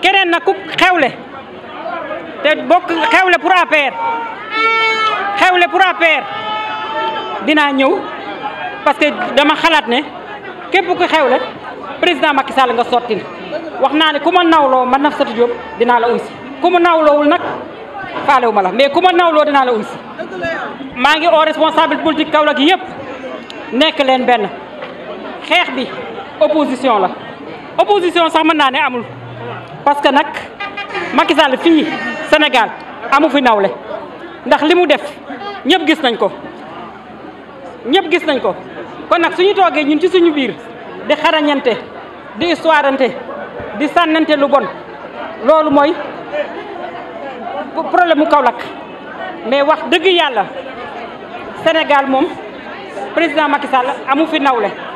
keneen nag ku xewle te bokk xewle pour APR xewle pour APR dinaa ñëw parce que dama xalaat ne képp ku xewle président Macky Sall nga sotti wax naa ne ku ma nawloo man Nafissatou Diop dinaa la uy si ku ma nawloowul nag faalewu ma la mais ku ma nawloo dinaa la uy si maa ngi au responsable politique Kaolack yëpp nekk leen benn xeex bi opposition la opposition sax mën naa ne amul parce que nag Macky fii Sénégal amu fi nawle ndax li mu def ñëpp gis nañ ko ñëpp gis nañ ko kon nag suñu toogee ñun ci suñu biir di xarañante di histoireante di sànnante lu bon loolu mooy problème mu Kaolack mais wax dëgg yàlla Sénégal moom président Macky Sall amu fi nawle